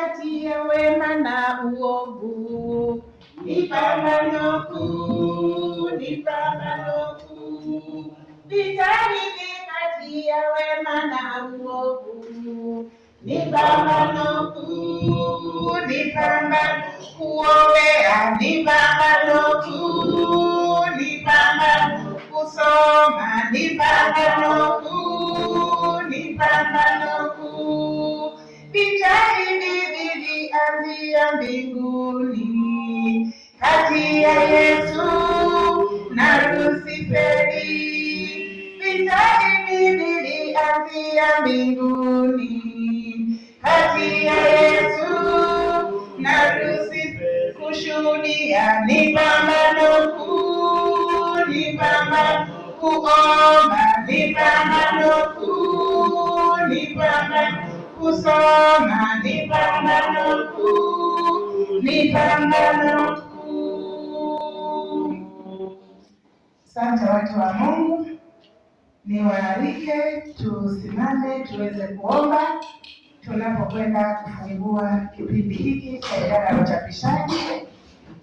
kati wema na uovu. Ni Baba nukuu, ni Baba nukuu. Vitani kati ya wema na uovu. Ni Baba nukuu, ni Baba kuombea, ni Baba nukuu, ni Baba kusoma, ni Baba nukuu, ni Baba ya mbinguni, kati ya Yesu na Lusiferi. Vita hivi vilianzia mbinguni, kati ya Yesu na Lusiferi. Kushuhudia ni pambano kuu, ni pambano kuomba, ni pambano kuu, ni pambano kusoma, ni pambano kuu ni Asante watu wa Mungu, ni waalike tusimame tuweze kuomba tunapokwenda kufungua kipindi hiki cha idara ya uchapishaji.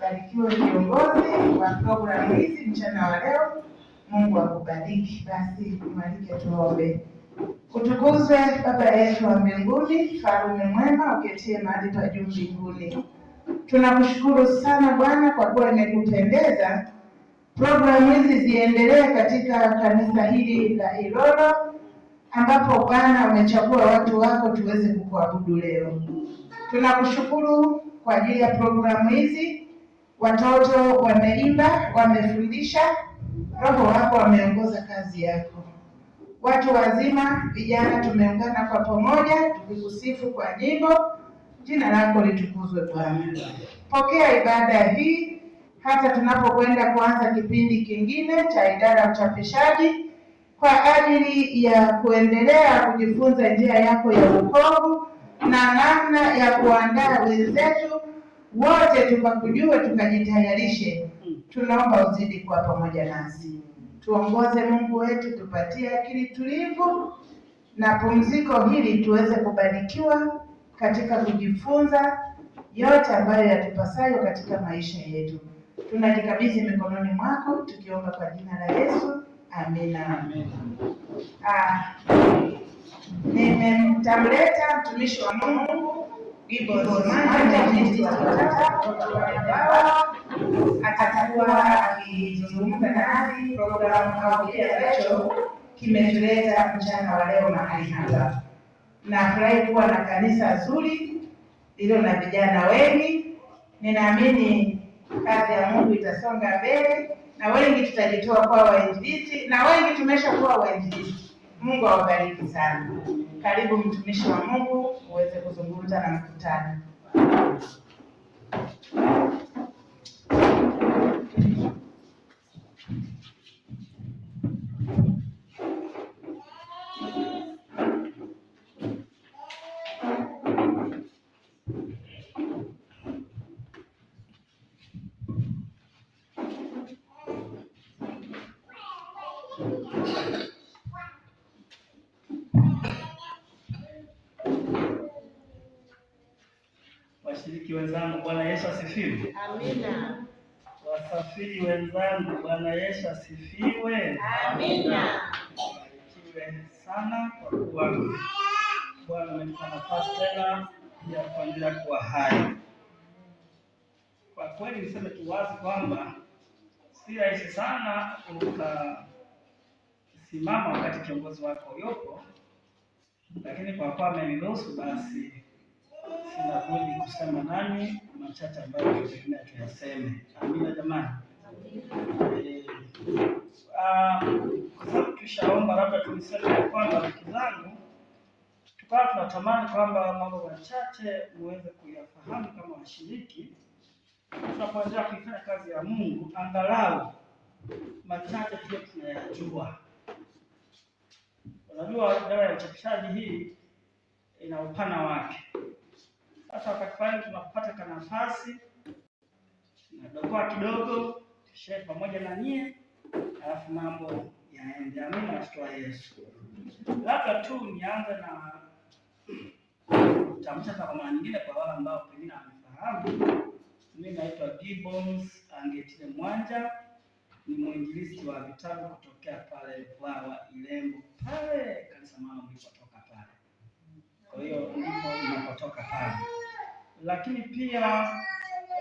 Barikiwe viongozi wa programu hizi mchana wa leo, Mungu akubariki. Basi niwaalike tuombe. Utukuzwe Baba yetu wa mbinguni, farume mwema uketie mahali pa juu mbinguni Tunakushukuru sana Bwana kwa kuwa imekupendeza programu hizi ziendelee katika kanisa hili la Ilolo, ambapo Bwana umechagua watu wako tuweze kukuabudu leo. Tunakushukuru kwa ajili ya programu hizi. Watoto wameimba, wamefundisha, Roho wako wameongoza kazi yako. Watu wazima, vijana, tumeungana kwa pamoja tukikusifu kwa nyimbo Jina lako litukuzwe Bwana. Pokea ibada hii hata tunapokwenda kuanza kipindi kingine cha idara ya uchapishaji kwa ajili ya kuendelea kujifunza njia yako ya wokovu na namna ya kuandaa wenzetu wote tukakujue, tukajitayarishe. Tunaomba uzidi kuwa pamoja nasi, tuongoze Mungu wetu, tupatie akili tulivu na pumziko hili tuweze kubarikiwa katika kujifunza yote ambayo yatupasayo katika maisha yetu. Tunajikabidhi mikononi mwako tukiomba kwa jina la Yesu, amina. Ah, nimemtamleta mtumishi wa Mungu Baba atakuwa akizungumza nasi programu au kile ambacho kimetuleta mchana wa leo mahali hapa. Nafurahi kuwa na kanisa zuri lililo na vijana wengi. Ninaamini kazi ya Mungu itasonga mbele na wengi tutajitoa kuwa wainjilisti na wengi kuwa wainjilisti. Mungu awabariki sana. Karibu mtumishi wa Mungu uweze kuzungumza na mkutano. washiriki wenzangu, Bwana Yesu asifiwe. Amina. Wasafiri wenzangu, Bwana Yesu asifiwe. Amina. Barikiwe sana kwa kuwa Bwana amenipa nafasi tena ya kuendelea kuwa hai. Kwa kweli niseme tu wazi kwamba si rahisi sana ukasimama wakati kiongozi wako yupo, lakini kwa kuwa ameniruhusu basi Sina budi kusema nani machache ambayo tegemea tuyaseme. Amina jamani, eh, ah, kwa sababu tushaomba, labda tulisema kwamba wiki zangu, tukawa tunatamani kwamba mambo machache muweze kuyafahamu kama washiriki, tunapoendelea kuifanya kazi ya Mungu, angalau machache pia tunayajua. Unajua, idara ya uchapishaji hii ina upana wake hata wakati pale tunapata ka nafasi nadokoa kidogo, shehe pamoja na nyie, alafu mambo yaende. Amina, watoto wa Yesu. Labda tu nianze na tamsha kwa mara nyingine, kwa wale ambao pengine hawafahamu. Mimi naitwa Gibbons Angetile Mwanja, ni mwinjilisti wa vitabu kutokea pale Bwawa Ilembo pale kanisa mama mlipotoka. Kwa hiyo ndipo inapotoka pale, lakini pia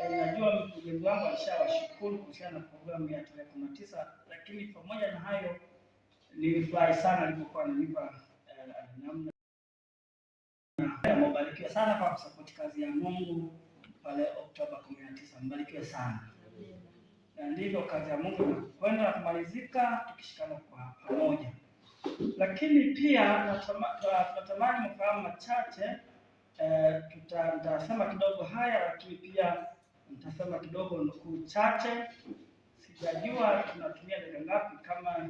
eh, najua mkurugenzi wangu alishawashukuru kuhusiana na programu ya tarehe kumi na tisa, lakini pamoja na hayo nilifurahi sana alipokuwa ananipa eh, namna Mbarikiwe sana kwa kusapoti kazi ya Mungu pale Oktoba kumi na tisa. Mbarikiwe sana na ndivyo kazi ya Mungu inakwenda kumalizika tukishikana kwa pamoja lakini pia natamani mfahamu machache eh, tutasema kidogo haya, lakini pia nitasema kidogo nukuu chache. Sijajua tunatumia dakika ngapi, kama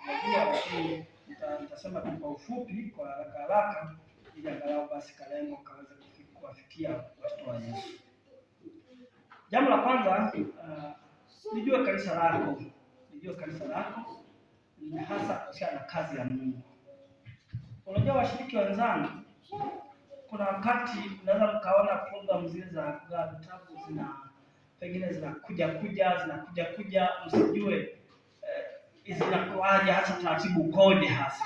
sijajua nitasema tu kwa ufupi, kwa haraka haraka, ili angalau basi kalengo kaweze kuwafikia watoto wa Yesu. Jambo la kwanza, uh, nijue kanisa lako, nijue kanisa lako ni hasa kuhusiana na kazi ya Mungu. Unajua washiriki wenzangu, kuna wakati unaweza mkaona program zile za kugawa vitabu zina pengine zinakuja kuja zinakuja kuja, msijue eh, zinakuaje hasa taratibu ukoje hasa.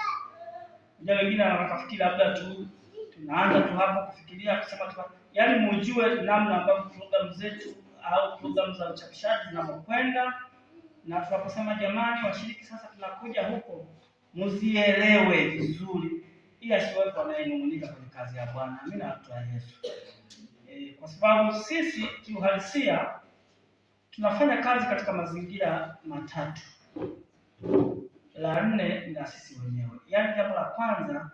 Unajua wengine wakafikiri labda tu tunaanza tu hapo kufikiria kusema tu, yaani mujue namna ambavyo programu zetu au program za uchapishaji zinavyokwenda na tunaposema jamani, washiriki sasa tunakuja huko, muzielewe vizuri, ili asiwepo anayenung'unika kwenye kazi ya Bwana. Mimi nawatoa Yesu e, kwa sababu sisi kiuhalisia tunafanya kazi katika mazingira matatu. La nne na sisi wenyewe, yaani jambo la kwanza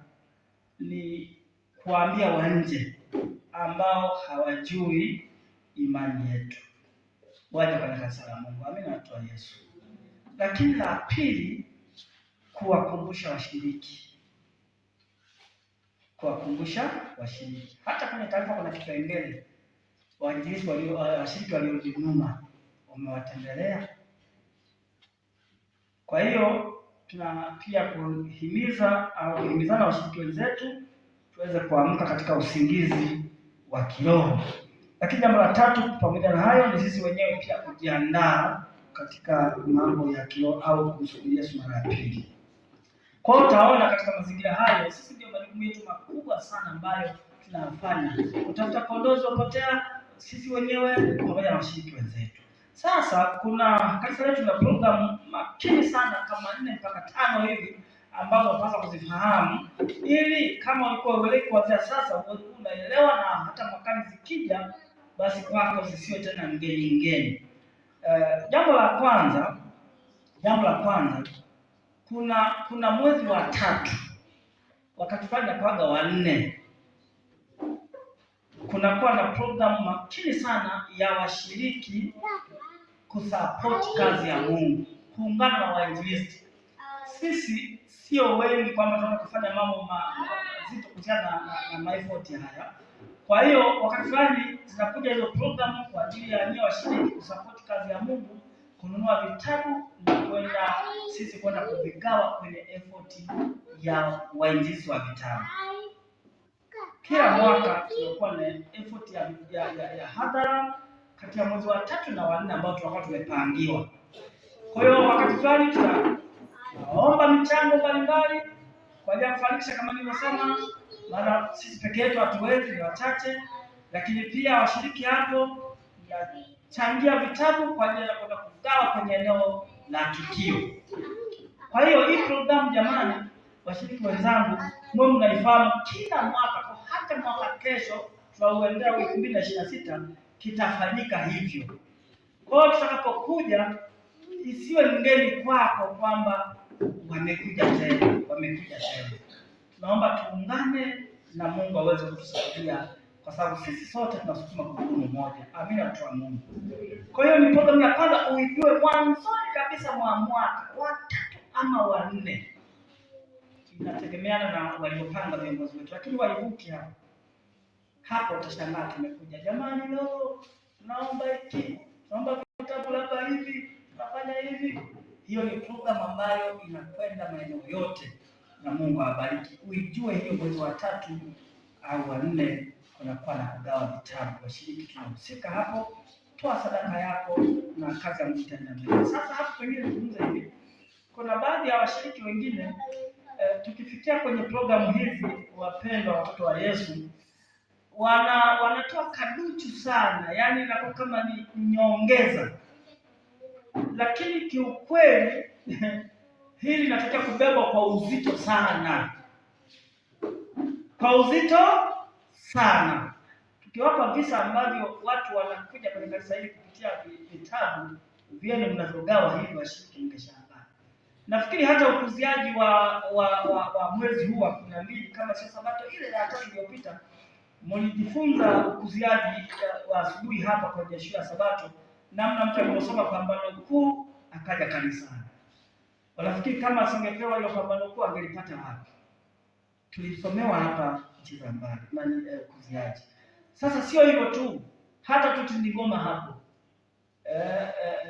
ni kuwaambia wanje ambao hawajui imani yetu waje kwa kanisa la Mungu. Amina, atoa Yesu. Lakini la pili, kuwakumbusha washiriki, kuwakumbusha washiriki. Hata kwenye taarifa kuna kipengele waanjilisi walio washiriki waliorudi nyuma wamewatembelea. Kwa hiyo tuna pia kuhimiza au kuhimizana washiriki wenzetu tuweze kuamka katika usingizi wa kiroho. Lakini jambo la tatu pamoja na hayo ni sisi wenyewe pia kujiandaa katika mambo ya kio au kumsubiria Yesu mara ya pili. Kwa hiyo utaona katika mazingira hayo, sisi ndio majukumu yetu makubwa sana ambayo tunafanya kutafuta kondoo zilizopotea, sisi wenyewe pamoja na washiriki wenzetu. Sasa kuna kanisa letu na program makini sana kama nne mpaka tano hivi ambazo unapaswa kuzifahamu ili kama ulikuwa uelewi kuanzia sasa unaelewa, na hata mwakani zikija basi kwako sisiwe tena mgeni mgeni. Uh, jambo la kwanza, jambo la kwanza, kuna kuna mwezi wa tatu wakatufanya kwaga wanne, kunakuwa na programu makini sana ya washiriki kusupport kazi ya Mungu, kuungana na wainjilisti. Sisi sio wengi kwamba tunataka kufanya mambo mazito kuhusiana na, na, na maifoti haya kwa hiyo wakati fulani zinakuja hizo program kwa ajili ya nyie washiriki kusapoti kazi ya Mungu, kununua vitabu na kwenda sisi kwenda kuvigawa kwenye effort ya wainjizi wa vitabu. Kila mwaka tunakuwa na effort ya, ya, ya, ya hadhara kati ya mwezi wa tatu na wanne ambao tunakuwa tumepangiwa. Kwa hiyo wakati fulani tunaomba michango mbalimbali kwa ajili ya kufanikisha kama nilivyosema maana sisi peke yetu hatuwezi, ni wachache, lakini pia washiriki hapo changia vitabu kwa ajili ya kwenda kugawa kwenye eneo la tukio. Kwa hiyo hii programu jamani, washiriki wenzangu, mwe mnaifahamu kila mwaka kwa hata mwaka kesho tunauendea wa elfu mbili na ishirini na sita kitafanyika hivyo. Kwa hiyo tutakapokuja, isiwe ngeni kwako kwamba wamekuja tena, wamekuja tena. Naomba tuungane na Mungu aweze kutusaidia kwa sababu sisi sote tunasukuma gurudumu moja. Amina, watu wa Mungu. Kwa hiyo ni programu ya kwanza uijue mwanzoni kabisa mwa mwaka watatu ama wanne, inategemeana na waliopanga viongozi wetu, lakini waivuki hapo hapo, utashangaa tumekuja, jamani, leo naomba hiki, naomba vitabu labda hivi, tunafanya hivi. Hiyo ni programu ambayo inakwenda maeneo yote na Mungu awabariki. Uijue hiyo mwezi wa tatu au wa nne kunakuwa na kugawa vitabu, washiriki tunahusika hapo. Toa sadaka yako na kazi ya mtenda mbele. Sasa hapo pengine tuzungumze hivi, kuna baadhi ya washiriki wengine eh, tukifikia kwenye programu hizi, wapendwa watoto wa Yesu, wana wanatoa kaduchu sana, yaani inakuwa kama ni nyongeza, lakini kiukweli hili linatakiwa kubebwa kwa uzito sana, kwa uzito sana. Tukiwapa visa ambavyo watu wanakuja kwenye kanisa hili kupitia vitabu vyenu mnavyogawa hivi, washiriki mkeshahabari. Nafikiri hata ukuziaji wa wa, wa wa mwezi huu wa kumi na mbili kama sio sabato ile ya tatu iliyopita mlijifunza ukuziaji wa asubuhi hapa kwa jashua ya Sabato, namna mtu alivyosoma pambano kuu akaja kanisani. Wanafikiri kama asingepewa hilo pambano kuu angelipata wapi? Tulisomewa hapa Mchizambari nani eh, Kuziaji. Sasa sio hivyo tu, hata Tutindi Ngoma hapo eh,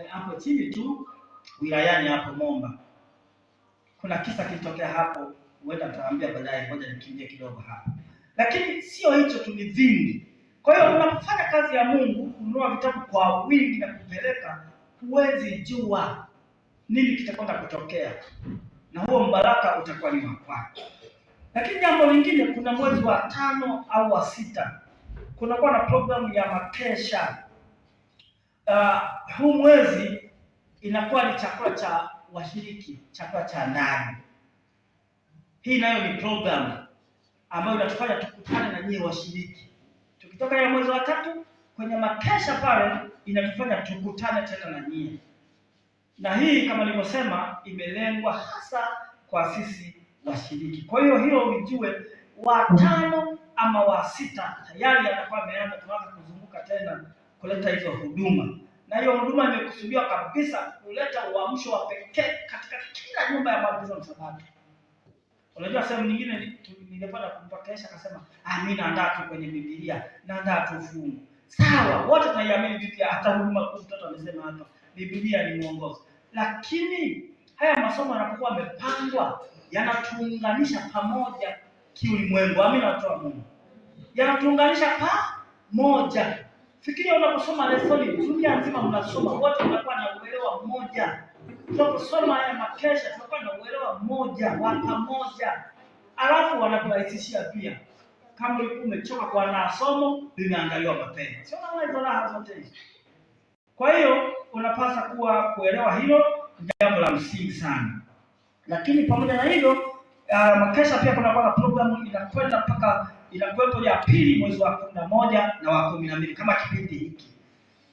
eh, hapo chini tu wilayani hapo Momba kuna kisa kilitokea hapo, huenda mtawaambia baadaye, ngoja nikimbie kidogo hapo. Lakini sio hicho tu, ni vingi. Kwa hiyo unapofanya kazi ya Mungu, kununua vitabu kwa wingi na kupeleka, huwezi jua nini kitakwenda kutokea, na huo mbaraka utakuwa ni wa Lakini jambo lingine, kuna mwezi wa tano au wa sita kunakuwa na programu ya makesha. Uh, huu mwezi inakuwa ni chakula cha washiriki, chakula cha ndani. Hii nayo ni programu ambayo inatufanya tukutane na nyie washiriki, tukitoka ya mwezi wa tatu kwenye makesha pale, inatufanya tukutane tena na nyie na hii kama nilivyosema, imelengwa hasa kwa sisi washiriki. Kwa hiyo hiyo ujue, watano ama wa sita tayari atakuwa ameanza, tunaanza kuzunguka tena kuleta hizo huduma, na hiyo huduma imekusudiwa kabisa kuleta uamsho wa pekee katika kila nyumba ya maagizo Msabato. Unajua, sehemu nyingine nilipata kumpokesha akasema, ah, mimi naandaa tu kwenye Biblia, naandaa tu fungu. Sawa, wote tunaiamini Biblia, hata huduma kuu mtoto amesema hapa Biblia ni mwongozo lakini haya masomo yanapokuwa yamepangwa yanatuunganisha pamoja kiulimwengu. Amina, watu wa Mungu, yanatuunganisha pamoja. Fikiria unaposoma lesoni, dunia nzima mnasoma, wote unakuwa na uelewa mmoja. Tunaposoma haya makesha, tunakuwa na uelewa mmoja wa pamoja, alafu wanaturahisishia pia kama ulikuwa umechoka kwa na somo linaangaliwa mapema, sio na hizo raha zote hizo. Kwa hiyo unapasa kuwa kuelewa hilo jambo la msingi sana, lakini pamoja na hilo Uh, makesha pia kuna kwa programu inakwenda mpaka inakuwepo ya pili mwezi wa kumi na moja na wa kumi na mbili kama kipindi hiki.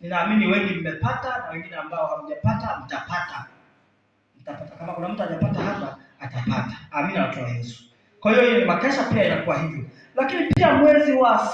Ninaamini wengi mmepata na wengine ambao hamjapata mtapata, mtapata. Kama kuna mtu hajapata hapa atapata, amina watu wa Yesu. Kwa hiyo makesha pia inakuwa hivyo, lakini pia mwezi wa